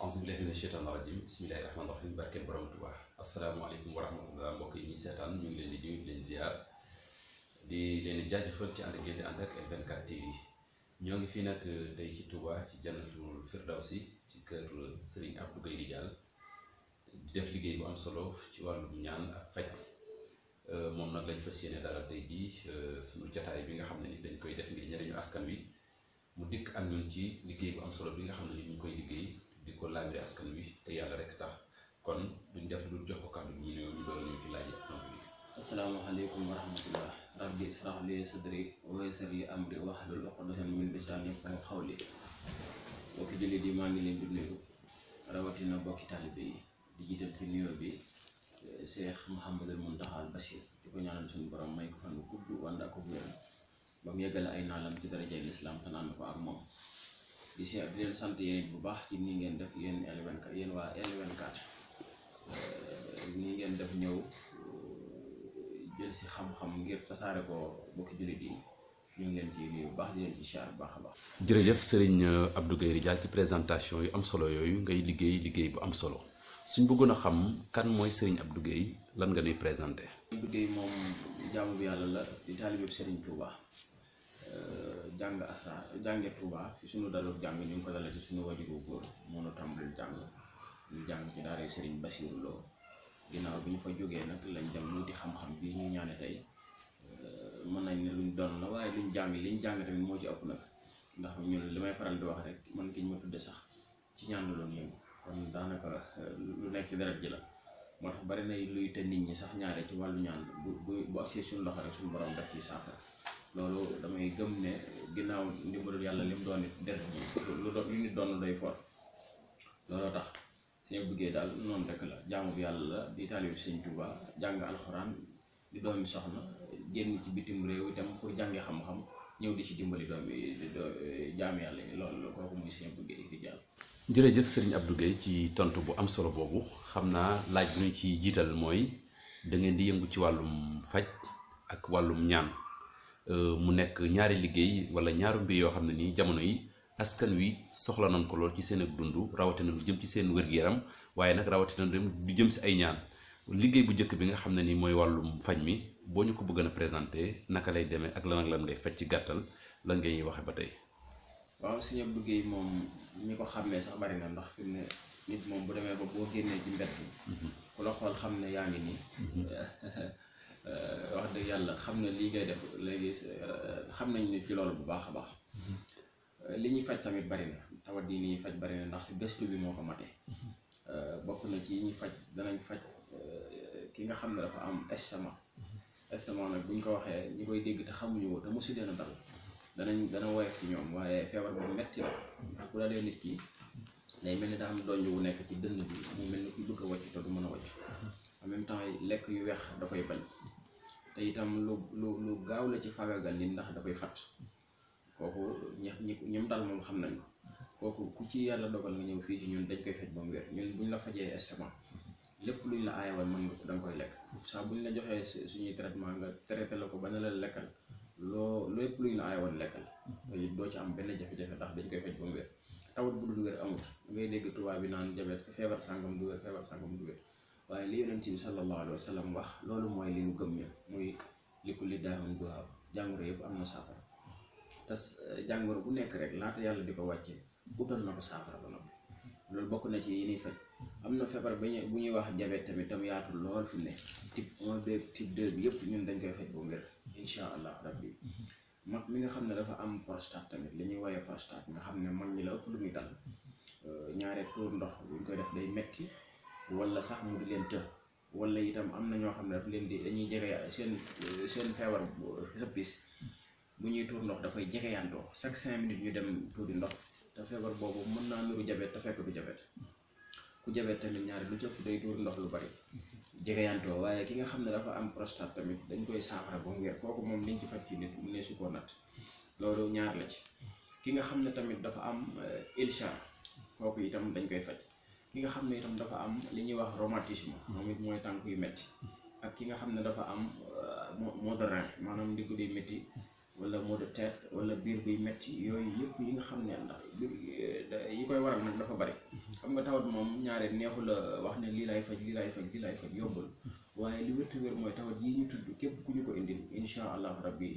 ansibilahi mina sheytaan rajim bismillahi rahmaani rahim barkeel borom Tuubaa asalaamaaleykum wa rahmatullah mbokk yi ñuy seetaan ñu ngi leen di nuyu di leen ziar di leen jaajëfal ci ànd ak yéen di ànd ak l TV ñoo ngi fi nag euh, tey ci Tuubaa ci jannatul firdawsi ci kër Serigne Abdou Gueye Ridial di def liggéey bu am solo ci wàllum ñaan ak faj euh, moom nag lañ fas yéene dara tey jii euh, suñu jotaay bi nga xam ne ni dañ koy def ngir njëriñu askan wi mu dikk ak ñun ci liggéey bu solo bi nga xam ne koy liggéey askan wi te yàlla rek tax kon duñ def lu jox ko kàddu gi mu nuyoo ñu doon ñëw ci laaj ak tontu yi. asalaamaaleykum wa rahmatullah rabbi israh li sadri wa yassir li maa ngi leen di nuyu rawatina mbokki taalibe yi di jiital fi nuyoo bi eh, Cheikh Mouhamadul Mountakha Bassir di ko ñaanal suñu borom may ko fan bu gudd wànd ak ko bu ba mu yeggale ay naalam ci darajay lislaam te naan ko ak moom. di si di leen sant yéen bu baax ci nii ngeen def yéen yéen waa L24 ni ngeen def ñëw uh, jël si xam-xam ngir tasaare ko bokki jullit yi ñu ngi leen ci nuyu bu baax di leen ci siyaar bu baax baax. jërëjëf sëriñ uh, Abdou Guèye Ridial ci présentation yu am solo yooyu ngay liggéey liggéey bu am solo suñ bëggoon a xam kan mooy sëriñ ab Guèye lan nga nuy présenté. Abdou Guèye yàlla la di taalibe Sëriñ Tuubaa. jàng asra jànge Touba si suñu dalul jàng ñu ngi ko dalee ci suñu wajuru góor moo nu tàmbali jàng ñu jàng ci daara Serigne Bassirou Lo ginnaaw bi ñu fa jógee nag lañ dem wuti xam bi ñu ñaane tey mën nañ ne luñ doon la waaye luñ jàng liñ jàng tamit moo ci ëpp nag ndax ñun li may faral di wax rek man ki ñu ma tudde sax ci ñaan la doon daanaka lu nekk ci deret ji la moo tax bari na luy te ñi sax ñaare ci wàllu bu bu bu ak suñu loxo rek suñu borom def ci saafara. loolu damay gëm ne ginnaaw ndimbalul yàlla lim doon it def ji lu doon lu nit doon doy for looloo tax suñu bëggee daal noonu rek la yàlla la di taalibu sëñ Tuuba jàng alxuraan di doomi soxna génn ci bitim réew itam pour jàngi xam-xam ñëw di ci dimbali doomi jaami yàlla yi loolu kooku muy suñu bëggee di jàll. jërëjëf sëriñ Abdou Guèye ci tontu bu am solo boobu xam naa laaj bi ñu ci jiital mooy da ngeen di yëngu ci wàllum faj wàllum ñaan. Euh, mu nekk ñaari liggéey wala ñaaru mbir yoo xam ne nii jamono yi askan wi soxla nañ ko lool ci seen ak dund rawatina lu jëm ci seen wér-gu-yaram waaye nag rawatina lu jëm si ay ñaan liggéey bu njëkk bi nga xam ne nii mooy wàllum faj mi boo ñu ko bëggoon a présenté naka lay demee ak lan ak lan faj ci gàttal lan ngay waxe ba tey. liggéey moom ñi ko moom bu demee ko boo génnee ci mbedd mhm. ku la xool xam ne yaa ngi nii. Mhm. Euh, wax dëgg yàlla xam na lii ngay def léegi euh, xam nañ ne ci loolu bu baax a baax mhm. euh, li ñuy faj tamit bari na tawat yi ñuy faj bari na ndax bés bi moo ko mate mhm. bokk na ci yi ñuy danañ faj ki nga xam ne dafa am estomac mhm. estomac nag bu ko waxee ñi koy dégg te xamuñu woo te mosu leen a dal danañ dana woyof ci ñoom waaye feebar bu metti la ndax bu dalee nit ki day mel ni daa am donj wu nekk ci dënn bi mu mel ni ku bëgg a wàcc te du mën a wàcc en même temps lekk yu weex da koy bañ te itam lu lu lu gaaw la ci fagagal nit ndax da koy fat kooku ñax ñi ñoom daal moom xam nañ ko kooku ku ci yàlla dogal nga ñëw fii ci ñun dañ koy faj ba mu wér ñun buñ la fajee estomac lépp lu la aaye mën nga ko koy lekk saa buñ la joxee suñuy traitement nga traité la ko ba ne la lekkal loo lépp luñ la aaye woon lekkal te doo ci am benn jafe-jafe ndax dañ koy faj ba mu wér tawat bu dul amut ngay dégg tubaab bi naan jabet feebar sàngam du wér feebar sàngam du wér waaye li yonent bi sallallahu alayhi wa wax loolu mooy li ñu gëm ña muy li ku li daawam duwaaw jàngoro yëpp am na saafara tas eh, jàngoro bu nekk rek laata yàlla di ko wàccee utal na ko saafara ba noppi loolu bokk na ci yi ñuy faj am na feebar ba bu ñuy wax jabet tamit tam yaatul lool fi ne type 1 beeg type 2 bi yëpp ñun dañ koy faj bu wér incha allah rabbi mag mi nga xam ne dafa am prostate tamit li ñuy woyee prostate nga xam ne mag ñi la ëpp lu muy dal eh, ñaare tuur ndox bu ñu def day metti wala sax mu di leen të wala itam am na ñoo xam ne daf leen di dañuy jege seen seen feebar xëppis bu ñuy tuur ndox dafay jegeyaantoo chaque cinq minutes ñu dem tuuri ndox te feebar boobu mën naa nuru jabet te fekk du jabet ku jabet tamit ñaar lu cëpp day tuur ndox lu bari jegeyantoo waaye ki nga xam ne dafa am prostate tamit dañ koy saafara ba mu wér kooku moom liñ ci faj ci nit mu ne su nat loolu ñaar la ci ki nga xam ne tamit dafa am ilsha euh, kooku itam dañ koy faj ki nga xam ne itam dafa am li ñuy wax rhumatisme mm-hmm. moom it mooy tànk yu métti ak ki nga xam ne dafa am euh, maux de rein maanaam ndigg luy métti wala maux de tête wala biir buy métti yooyu yëpp yi nga xam ne ndax yi koy waral nag dafa bari mm-hmm. xam nga tawat moom ñaare neexu la wax ne lii lay faj lii lay faj lii lay faj yombul mm-hmm. waaye li wér-wér mooy tawat yi ñu tudd képp ku ñu ko indil incha allah rabbi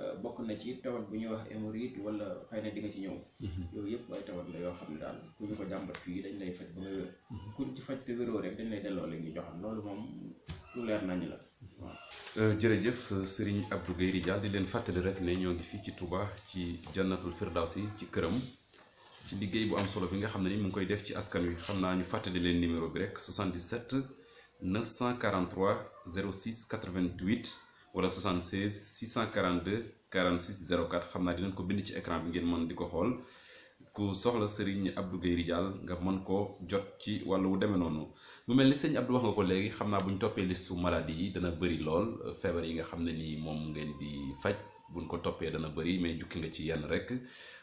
Euh, bokk na ci tawat bu ñuy wax hémorroïde wala xëy na di nga ci ñëw. Mhm. yooyu yëpp ay tawat la yoo xam ne daal ku ñu ko jàmbat fii dañ lay faj ba nga wér. Mhm. kuñ ci faj te wéroo rek dañ lay delloo la ñuy joxam loolu moom lu leer nañ la euh, jërëjëf sëriñ Abdou Guèye Ridial di leen fàttali rek ne ñoo ngi fii ci Touba ci jannatul firdawsi ci këram ci liggéey bu am solo bi nga xam ne ni mu ngi koy def ci askan wi xam naa ñu fàttali leen numéro bi rek 77 943 06 88. wala 76 642 46 04 xam naa dinañ ko bind ci écran bi ngeen mën di ko xool ku soxla Serigne Abdou Guèye Ridial nga mën ko jot ci wàllu wu demee noonu mu mel ni sëñ Abdou wax nga ko léegi xam naa bu toppee listu maladie yi dana bëri lool feebar yi nga xam ne nii moom ngeen di faj. buñ ko toppee dana bëri mais jukki nga ci yenn rek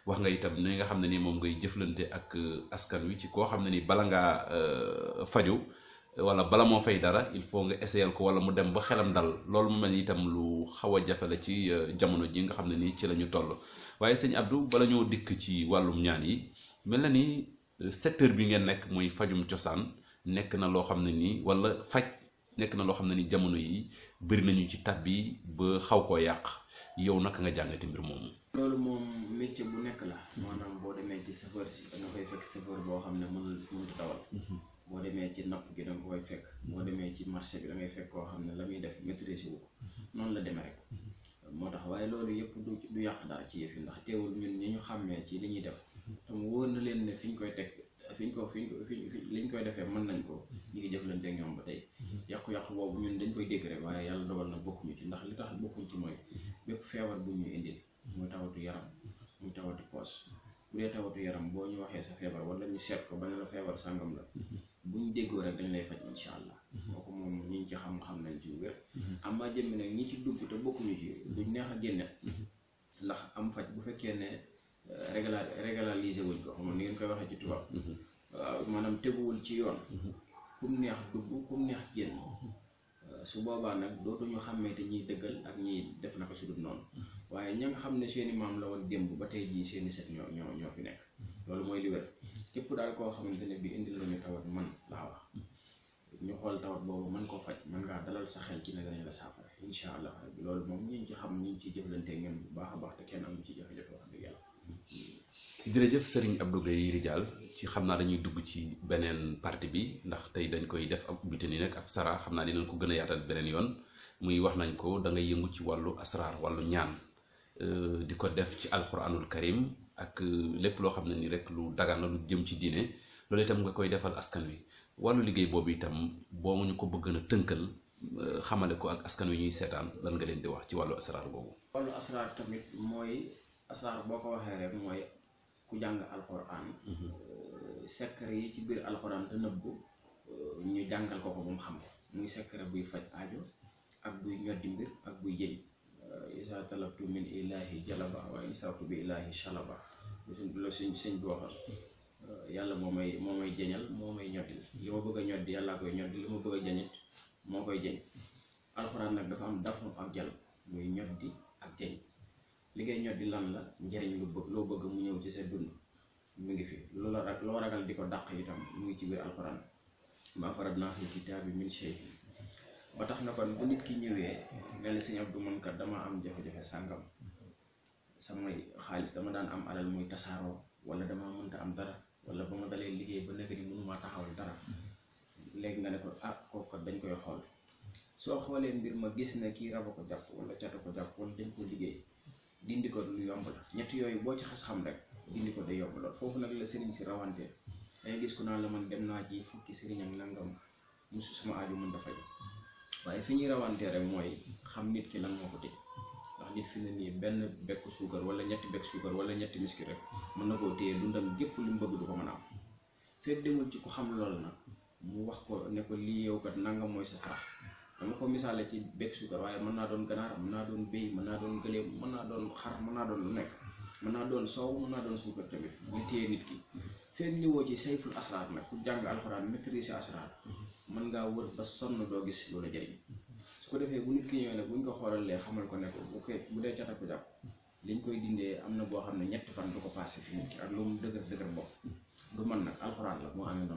wax nga itam ni nga xam ne nii moom ngay jëflante ak askan wi ci koo xam ne ni bala ngaa euh, faju wala bala moo fay dara il faut nga essayal ko wala mu dem ba xelam dal loolu mu mel ni tam lu xaw a jafe la ci euh, jamono ji nga xam ne nii ci la ñu toll waaye sëñ Abdou bala ñoo dikk ci wàllum ñaan yi mel na ni euh, secteur bi ngeen nekk mooy fajum cosaan nekk na loo xam ne nii wala faj nekk na loo xam ne ni jamono yi bëri nañu ci tab bi ba xaw koo yàq yow naka nga jàngati mbir moomu. loolu moom métier bu nekk la. maanaam boo demee ci safar si da nga fay boo xam ne mënul boo demee ci napp gi da nga koy fekk boo demee ci marché bi da ngay fekk koo xam ne la muy def maîtrise wu ko mhm. noonu la deme rek mhm. moo tax waaye loolu yëpp du du yàq dara ci yëf yi ndax teewul ñun ñi ñu xàmmee ci li ñuy def tam mhm. wóor na leen ne fi ñu koy teg fi ñu ko fi ñu ko koy defee mën nañ ko ñu ngi jëflante ak ñoom ba tey yàqu-yàqu boobu ñun dañ koy dégg rek waaye yàlla dogal na bokkuñu ci ndax li tax bokkuñ ci mooy bépp feebar bu ñu indil muy tawatu yaram muy tawatu poos bu dee tawatu yaram boo ñu waxee sa feebar wala ñu seet ko ba ne la feebar sàngam la buñ déggoo rek dañ lay faj incha allah. Mhm. kooku moom ñu ci xam-xam nañ ci wér. Mhm. am maa jëmmi nag ñi ci dugg te bokkuñu ci mhm. duñ neex a génne. ndax am faj bu fekkee ne euh, régla régulariser wuñ ko xam ni ngeen koy waxee ci tubaab. maanaam teguwul ci yoon. kum neex dugg kum neex génn. Euh, su boobaa nag dootuñu xàmmee te ñuy dëggal ak ñiy def na ko su dul noonu. waaye ña xam ne seeni maam la woon démb ba tey jii seeni set ñoo ñoo ñoo fi nekk. loolu mooy li képp daal koo xamante ne bi indi nañu tawat man laa wax ñu xool tawat boobu mën koo faj mën ngaa dalal sa xel ci ne danañ la saafara incha allah rabbi loolu moom ñu ngi ci xam ñu ngi ciy jëflante ñoom bu baax a baax te kenn amuñ ci jafe-jafe wax dëgg yàlla. jërëjëf Serigne Abdou ci xam naa dañuy dugg ci beneen partie bi ndax tey dañ koy def ab nii nag ab sara xam naa dinañ ko gën a yaatal beneen yoon muy wax nañ ko dangay ngay yëngu ci wàllu asraar wàllu ñaan euh, di ko def ci alxuraanul karim ak euh, lépp loo xam ne ni rek lu dagan la lu jëm ci diine loolu itam nga koy defal askan wi wàllu liggéey boobu itam boo ma ñu ko bëgg na tënkal euh, xamale ko ak askan wi ñuy seetaan lan nga leen di wax ci wàllu asraar boobu. wàllu asraar tamit mooy asraar boo ko waxee rek mooy ku jàng alxuraan. Mhm. Euh, secret yi ci biir alxuraan te nëbbu ñu jàngal ko ko ba mu xam ko muy secret buy faj aajo ak buy ñoddi mbir ak buy jëñ. isa talabtu min ilahi jalaba waaye isaatu bi ilahi shalaba la sëñ sëñ uh, yàlla moo may moo may jeñal moo may ñoddi li ma bëgg a ñoddi yàllaa koy ñoddi li ma bëgg a jañit moo koy jeñ alxuraan nag dafa am dafu ak jalab muy ñoddi ak jeñ li ngay ñoddi lan la njariñ lu bëgg loo bëgg mu ñëw ci sa dund mu ngi fi loola loo ragal di ko dàq itam mu ngi ci biir alxuraan maa farat naa fi kitaabi min shay ba tax na kon bu nit ki ñëwee mel ni sëñ Abdou man kat dama am jafe-jafe sàngam samay xaalis dama daan am alal muy tasaaroo wala dama mënta am dara wala ba ma dalee liggéey ba nekk ni mënumaa taxawal dara léegi nga ne ko ah kooku kat dañ koy xool soo xoolee mbir ma gis ne kii raba ko jàpp wala catu ko jàpp wala dañ ko liggéey dindi ko lu yomb la ñett yooyu boo ci xas xam rek dindi ko day yomb lool foofu nag la sëriñ si rawante day gis ku naa la man dem naa ci fukki sëriñ ak nangam musu sama aaju mën dafa waaye fi ñuy rawantee rek mooy xam nit ki lan moo ko tëj ndax nit fi ne nii benn bekk suukar wala ñetti bekk suukar wala ñetti miski rek mën na koo téye dundam gépp lu mu bëgg du ko mën a am fekk demul ci ku xam lool nag mu wax ko ne ko lii yow kat nangam mooy sa sarax dama ko misaale ci bekk suukar waaye mën naa doon ganaar mën naa doon béy mën naa doon gëléem mën naa doon xar mën naa doon lu nekk mën naa doon soow mën naa doon suukar tamit ñu téye nit ki ci sayful asraar nag ku jàng alxuraan mën ngaa wër ba sonn doo gis loolu jëriñ su ko defee bu nit ki ñëwee nag buñ ko xoolalee xamal ko ne ko bu koy bu dee cat ak jàpp liñ koy dindee am na boo xam ne ñetti fan du ko passé ci nit ki ak lu mu dëgër dëgër bopp du mën nag alxuraan la moo amee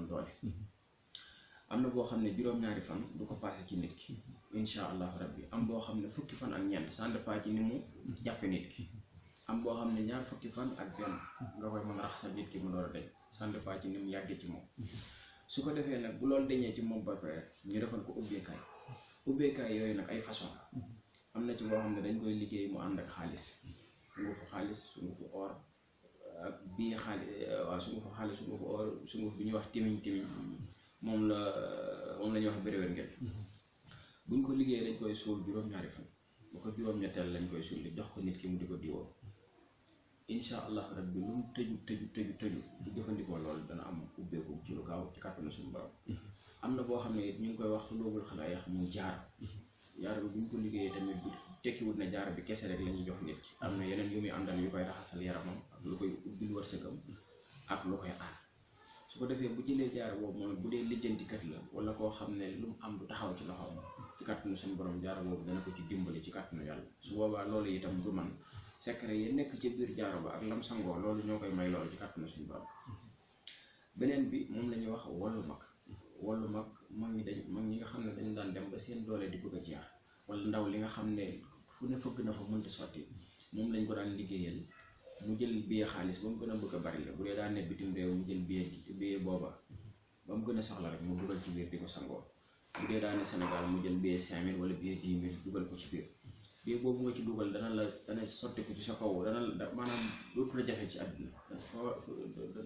am na boo xam ne juróom fan du ko passé ci nit ki incha allahu rabbi am boo xam ne fukki fan ak ñeent ça ci ni mu jàppe nit ki am boo xam ne ñaar fukki fan ak benn nga koy mën a sa nit ki mu door a deñ ça dépend ci ni mu yàggee ci moom su ko defee nag bu loolu deñee ci moom ba pare ñu defal ko ubbeekaay ubbeekaay yooyu nag ay façon am na ci boo xam ne dañ koy liggéey mu ànd ak xaalis sungufu xaalis sungufu or ak bii xaalis eh, waaw sungufu xaalis sungufu or sunguf bi ñuy wax timiñ timiñ moom la moom la ñuy wax béréwér ngeen buñ ko liggéey dañ koy suul juróom-ñaari fan bu ko juróom-ñetteel lañ koy suul jox ko nit ki mu di ko diwoo incha allah rabbi lu mu tëju tëju tëju tëju bu jëfandikoo loolu dana am ubbeeku ci lu gaaw ci kàttanu suñu borom mm-hmm. am na boo xam ne it ñu ngi koy wax xulóobul xalaa yax muy jaar mm-hmm. jaar bi bu ñu ko liggéeyee tamit bu tekkiwut na jaar bi kese rek la jox nit ki am na yeneen yu muy àndal yu koy raxasal yaramam ak lu koy ubbil wërsëgam ak lu koy aar su ko defee bu jëlee jaar boobu moom bu dee lijjantikat la wala koo xam ne lu mu am du taxaw ci loxoom ci kàttanu suñu borom jaaro boobu dana ko ci dimbali ci kàttanu yàlla su boobaa loolu itam du man secret yi nekk ci biir jaaro ba ak lam sangoo loolu ñoo koy may loolu ci kàttanu suñu borom beneen bi moom la ñuy wax wallu mag wallu mag mag ñi dañ mag ñi nga xam ne dañu daan dem ba seen doole di bëgg a jeex wala ndaw li nga xam ne fu ne fëgg na fa mënta sotti moom lañ ko daan liggéeyal mu jël billet xaalis ba mu gën a bëgg a bari la bu dee daan ne bitim réew mu jël billet billet booba ba gën a soxla rek mu dugal ci biir sangoo bu dee daane Sénégal mu jël billet 5000 wala billet 10 000 dugal ko ci biir billet boobu nga ci dugal dana la dana sotti ko ci sa kaw dana la maanaam dootu la jafe ci àdduna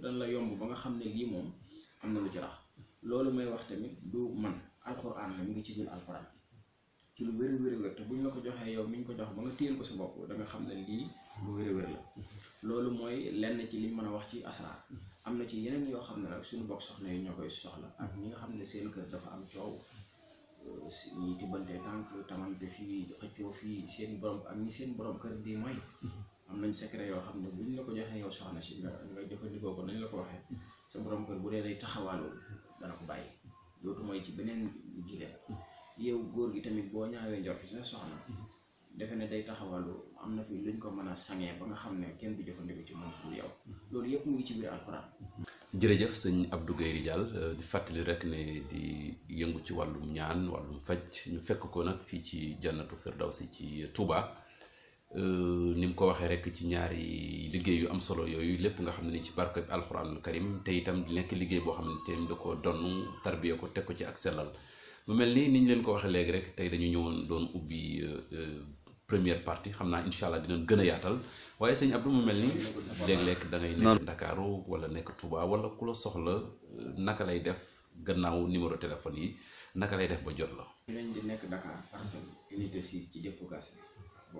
dana la yomb ba nga xam ne lii moom am na lu ci loolu mooy wax tamit du man alxuraan la mu ngi ci biir alxuraan ci lu wér wér wér te bu ñu la ko joxee yow mi ñu ko jox ba nga téyel ko sa bopp da xam ne lii lu wér wér la loolu mooy lenn ci liñ mën a wax ci asraar am na ci yeneen yoo xam ne nag suñu bokk soxna yi ñoo koy soxla ak ñi nga xam ne seen kër dafa am coow euh, ñi tibbante tànk tamante fii xëccoo fii seen borom ak ñi seen borom kër di may am nañ secret yoo xam ne buñ la ko joxee yow soxna si nga nga jëfandikoo ko nañ la ko waxee sa borom kër bu dee day taxawaaloo dana ko bàyyi dootu mooy ci beneen jigéen yow góor gi tamit boo ñaawee njort ci sa soxna defe ne day taxawalu am na fi luñ ko mën a sangee ba nga xam ne kenn du jëfandiku ci moom pour yow loolu yëpp mu ngi ci biir jërëjëf sëñ Abdou Guèye Diall euh, di fàttali rek ne di yëngu ci wàllum ñaan wàllum faj ñu fekk ko nag fii ci jannatu firdawsi ci Touba. Euh, ni mu ko waxee rek ci ñaari liggéey yu am solo yooyu lépp nga xam ne ni ci bi alxuraanul karim te itam nekk liggéey boo xam ne itam da ko donn tarbiya ko teg ko ci ak sellal mu mel ni niñ leen ko waxee léegi rek tey dañu ñëwoon doon ubbi. Euh, première partie xam naa incha allah dinañ gën a yaatal waaye sëñ Abdou mu mel ni léeg-léeg da ngay nekk Ndakaaru wala nekk Touba wala ku la soxla naka lay def gannaaw numéro téléphone yi naka lay def ba jot la. nekk Dakar Parcelles unité 6 ci jëpp gas bi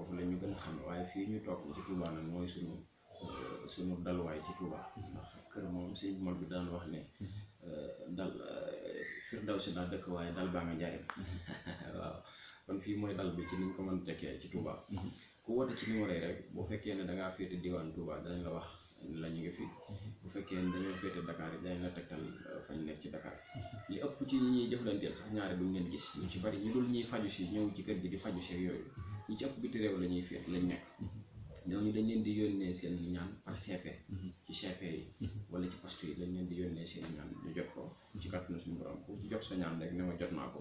waaye fii ñu toog mooy suñu euh, suñu dalwaay ci Touba ndax kër moom sëñ bi bi daan wax ne euh, dal euh, firdaw si naa dëkk waaye dal baa nga jaay waaw. kon fii mooy dal bi ci niñ ko mën tekkee ci Touba. Mhm. ku woote ci numéro yi rek boo fekkee ne dangaa ngaa féete diwaan Touba dañ la wax la ñu ngi fi. Mhm. bu fekkee ne dañoo féete dakaar yi danañ la tegtal euh, fañ nekk ci Dakar. Mhm. li ëpp ci ñi ñuy jëflanteel sax ñaari duñ leen gis ñu ci bari ñu dul ñuy faju si ñëw ci kër gi di faju si yooyu ñu ci ëpp biti réew la ñuy féet lañ nekk. ñooñu dañ leen di yónnee seen ñaan par CP mhm. ci CP yi mhm. wala ci poste yi dañ leen di yónnee seen ñaan ñu jot ko mhm. ci kàttanu suñu borom ku jot sa ñaan rek ne ma jot naa ko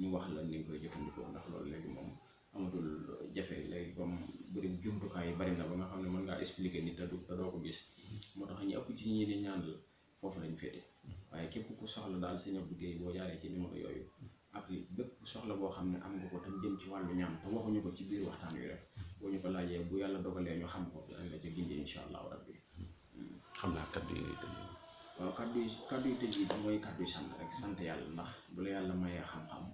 ñu wax la ni koy jëfandikoo ndax loolu léegi moom amatul jafe léegi comme jumtukaay yi bari na ba nga xam ne mën ngaa expliquer ni te du te doo ko gis moo ci ñi di ñaan la foofu lañ waaye képp ku soxla daal sëñ Abdou boo jaaree ci numéro yooyu ak bépp soxla boo xam ne am nga ko tam jëm ci wàllu ñaan te waxuñu ko ci biir waxtaan wi rek ba xam ko danañ la ca gindi incha allahu rabbi xam naa kaddu yi tëj waaw mooy kaddu yi sant rek ndax bu la yàlla mayee xam-xam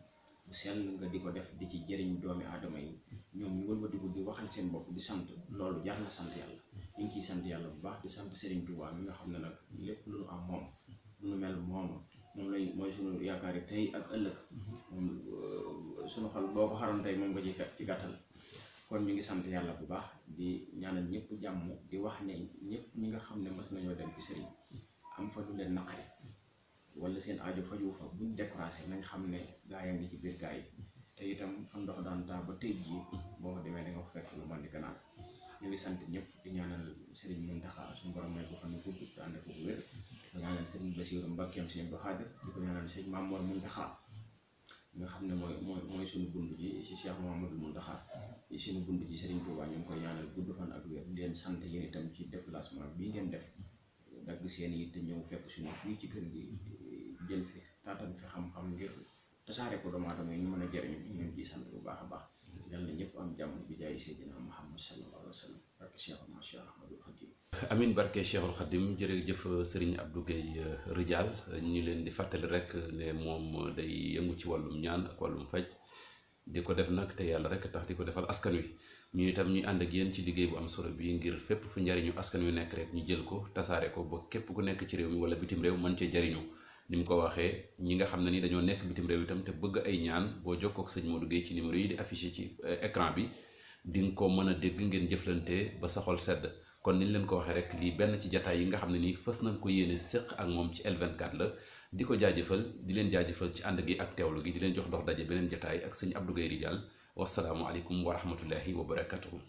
sell nga di ko def di ci jëriñ doomi adama yi ñoom ñu wëlbatiku bi waxal seen bopp di sant loolu jar na sant yàlla ñu ngi ciy sant yàlla bu baax di sant Serigne Touba mi nga xam ne nag lépp lu nu am moom lu nu mel moom moom lay mooy suñu yaakaar tey ak ëllëg moom euh, suñu xol boo ko xaroon tey moom nga ci fekk ci gàttal kon ñu ngi sant yàlla bu baax di ñaanal ñëpp jàmm di wax ne ñëpp ñi nga xam ne mos nañoo dem ci sëriñ am fa du leen wala seen aajo fajoo fa buñ découragé nañ xam ne gaa yi ngi ci biir gaa yi te itam fa ndox daan taa ba tëj ji boo fa demee da nga ko fekk lu mën di gannaaw ñu ngi sant ñëpp di ñaanal sëriñ Muntaxa suñu borom may ko fan gudd te ànd ak wér di ko ñaanal sëriñ Basiiru Mbàkke sëriñ Abdu nga xam ne mooy mooy mooy suñu bund ji si Cheikh Mouhamadou mu ci suñu bund ji Serigne Touba ñu ngi koy ñaanal gudd fan ak wér di leen sant yéen itam ci déplacement bii ngeen def dagg seen yi te ñëw fekk suñu fii ci kër gi jël fi taatan fi xam-xam ngir tasaare ko doomu yi ñu mën a jëriñu ñu ngi ciy sant bu baax a baax. yal ñëpp am jàmm bi jaay Seydina Muhammad sallallahu alayhi wa sallam barke Cheikh Ahmad Cheikh Ahmadul Khadim amin barke Cheikhul Khadim euh, ñu leen di fàttali rek ne moom day yëngu ci wàllum ñaan ak wàllum faj di ko def nag te yàlla rek tax di ko defal askan wi ñu itam ñuy ànd ak yéen ci liggéey bu am solo bi ngir fépp fu njariñu askan wi nekk rek ñu jël ko tasaare ko ba képp ku nekk ci réew mi wala bitim réew mën cee jariñoo ni mu ko waxee ñi nga xam ne ni dañoo nekk bitim réew itam te bëgg ay ñaan boo jokkoo ak sëñ Modou Guèye ci numéro yi di affiché ci ecran eh, bi di nga ko mën a dégg ngeen jëflante ba sa sedd kon niñ leen ko waxee rek lii benn ci jataay yi nga xam ne nii fës nañ ko yéene séq ak moom ci L24 la di ko jaajëfal di leen jaajëfal ci ànd gi ak teewlu gi di leen jox dox daje beneen jataay ak sëñ Abdou Guèye Ridial wasalaamualeykum wa rahmatullahi wa barakatuhu